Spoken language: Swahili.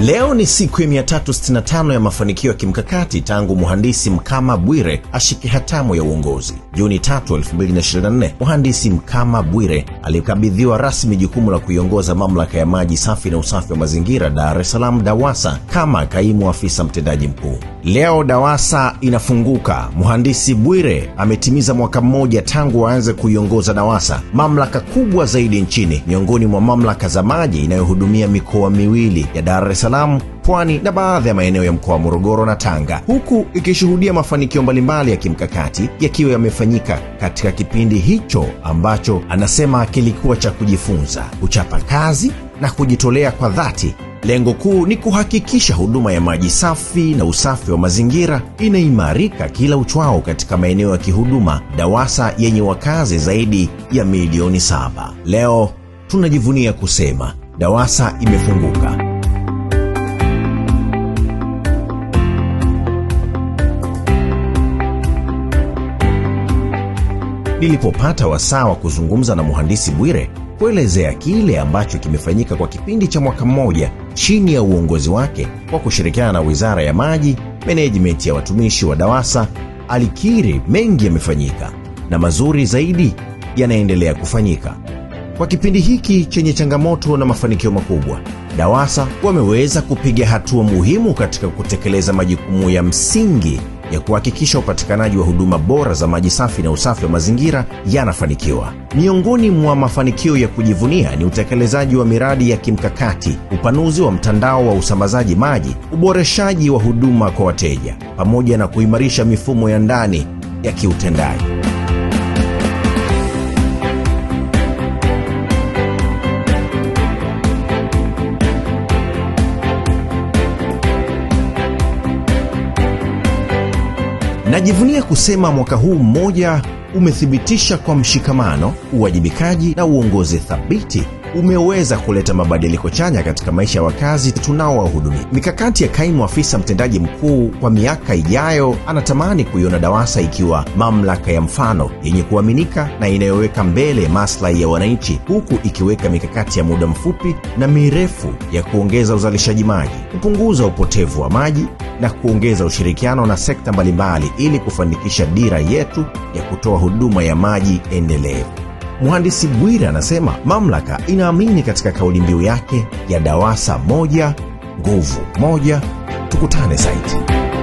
Leo ni siku ya 365 ya mafanikio ya kimkakati tangu Mhandisi Mkama Bwire ashike hatamu ya uongozi. Juni 3, 224 Mhandisi Mkama Bwire alikabidhiwa rasmi jukumu la kuiongoza Mamlaka ya Maji Safi na Usafi wa Mazingira Dar es Salaam DAWASA kama kaimu afisa mtendaji mkuu. Leo DAWASA inafunguka. Mhandisi Bwire ametimiza mwaka mmoja tangu aanze kuiongoza DAWASA, mamlaka kubwa zaidi nchini, miongoni mwa mamlaka za maji inayohudumia mikoa miwili ya Dar es Salaam Pwani na baadhi ya maeneo ya mkoa wa Morogoro na Tanga, huku ikishuhudia mafanikio mbalimbali ya kimkakati yakiwa yamefanyika katika kipindi hicho ambacho anasema kilikuwa cha kujifunza, kuchapa kazi na kujitolea kwa dhati Lengo kuu ni kuhakikisha huduma ya maji safi na usafi wa mazingira inaimarika kila uchwao katika maeneo ya kihuduma DAWASA yenye wakazi zaidi ya milioni saba. Leo tunajivunia kusema DAWASA imefunguka. Nilipopata wasaa wa kuzungumza na Mhandisi Bwire kuelezea kile ambacho kimefanyika kwa kipindi cha mwaka mmoja chini ya uongozi wake kwa kushirikiana na Wizara ya Maji, menejimenti ya watumishi wa DAWASA, alikiri mengi yamefanyika na mazuri zaidi yanaendelea kufanyika. Kwa kipindi hiki chenye changamoto na mafanikio makubwa, DAWASA wameweza kupiga hatua muhimu katika kutekeleza majukumu ya msingi ya kuhakikisha upatikanaji wa huduma bora za maji safi na usafi wa mazingira yanafanikiwa. Miongoni mwa mafanikio ya kujivunia ni utekelezaji wa miradi ya kimkakati, upanuzi wa mtandao wa usambazaji maji, uboreshaji wa huduma kwa wateja, pamoja na kuimarisha mifumo ya ndani ya kiutendaji. Najivunia kusema mwaka huu mmoja umethibitisha kwa mshikamano, uwajibikaji na uongozi thabiti umeweza kuleta mabadiliko chanya katika maisha ya wakazi tunaowahudumia. Mikakati ya kaimu afisa mtendaji mkuu kwa miaka ijayo, anatamani kuiona DAWASA ikiwa mamlaka ya mfano yenye kuaminika na inayoweka mbele maslahi ya wananchi, huku ikiweka mikakati ya muda mfupi na mirefu ya kuongeza uzalishaji maji, kupunguza upotevu wa maji na kuongeza ushirikiano na sekta mbalimbali ili kufanikisha dira yetu ya kutoa huduma ya maji endelevu. Mhandisi Bwira anasema mamlaka inaamini katika kauli mbiu yake ya DAWASA moja nguvu moja. Tukutane zaidi.